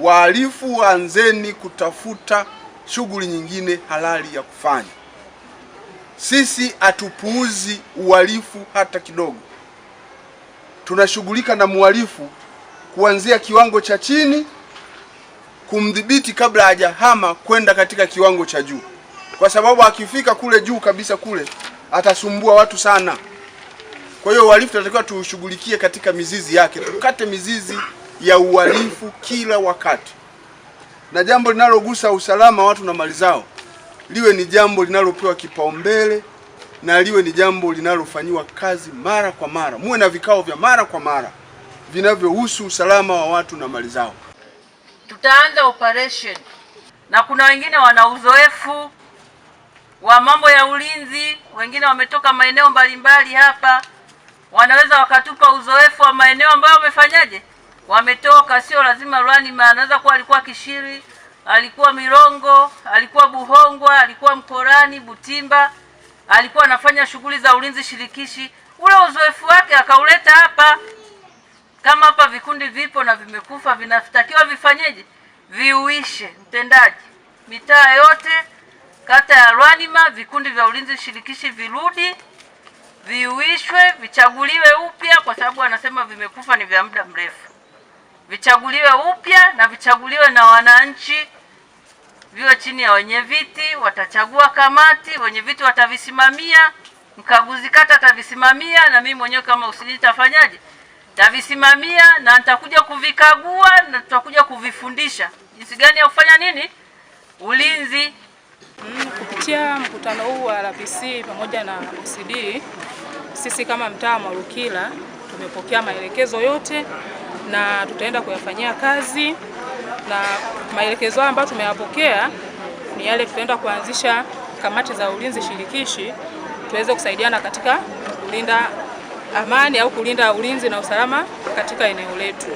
wahalifu, anzeni kutafuta shughuli nyingine halali ya kufanya. Sisi hatupuuzi uhalifu hata kidogo, tunashughulika na mhalifu kuanzia kiwango cha chini kumdhibiti kabla hajahama kwenda katika kiwango cha juu, kwa sababu akifika kule juu kabisa kule atasumbua watu sana. Kwa hiyo uhalifu tunatakiwa tuushughulikie katika mizizi yake, tukate mizizi ya uhalifu kila wakati, na jambo linalogusa usalama watu na mali zao liwe ni jambo linalopewa kipaumbele na liwe ni jambo linalofanyiwa kazi mara kwa mara. Muwe na vikao vya mara kwa mara vinavyohusu usalama wa watu na mali zao. Tutaanza operation, na kuna wengine wana uzoefu wa mambo ya ulinzi, wengine wametoka maeneo mbalimbali hapa, wanaweza wakatupa uzoefu wa maeneo ambayo wamefanyaje wametoka, sio lazima Lwanima. Anaweza kuwa alikuwa Kishiri, alikuwa Mirongo, alikuwa Buhongwa, alikuwa Mkorani, Butimba, alikuwa anafanya shughuli za ulinzi shirikishi. Ule uzoefu wake akauleta hapa. Kama hapa vikundi vipo na vimekufa, vinatakiwa vifanyeje? Viuishe. Mtendaji, mitaa yote kata ya rwanima vikundi vya ulinzi shirikishi virudi viuishwe, vichaguliwe upya, kwa sababu anasema vimekufa ni vya muda mrefu vichaguliwe upya na vichaguliwe na wananchi, viwe chini ya wenye viti. Watachagua kamati, wenye viti watavisimamia, mkaguzi kata atavisimamia, na mimi mwenyewe kama usijui tafanyaje tavisimamia na nitakuja kuvikagua na tutakuja kuvifundisha jinsi gani ya kufanya nini ulinzi. Mm, kupitia mkutano huu wa RPC pamoja na OCD, sisi kama mtaa wa Mwalukila tumepokea maelekezo yote na tutaenda kuyafanyia kazi, na maelekezo hayo ambayo tumeyapokea ni yale, tutaenda kuanzisha kamati za ulinzi shirikishi tuweze kusaidiana katika kulinda amani au kulinda ulinzi na usalama katika eneo letu.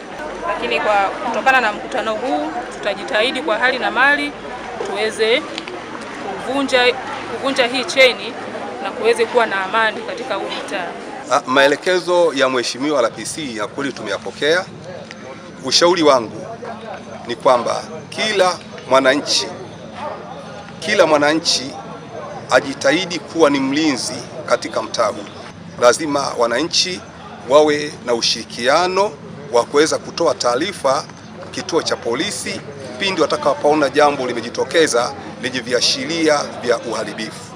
Lakini kwa kutokana na mkutano huu, tutajitahidi kwa hali na mali tuweze kuvunja kuvunja hii cheni na kuweze kuwa na amani katika huu mtaa. Ah, maelekezo ya Mheshimiwa RPC ya kweli tumeyapokea ushauri wangu ni kwamba kila mwananchi kila mwananchi ajitahidi kuwa ni mlinzi katika mtaa Lazima wananchi wawe na ushirikiano wa kuweza kutoa taarifa kituo cha polisi pindi watakapoona jambo limejitokeza lenye viashiria vya uharibifu.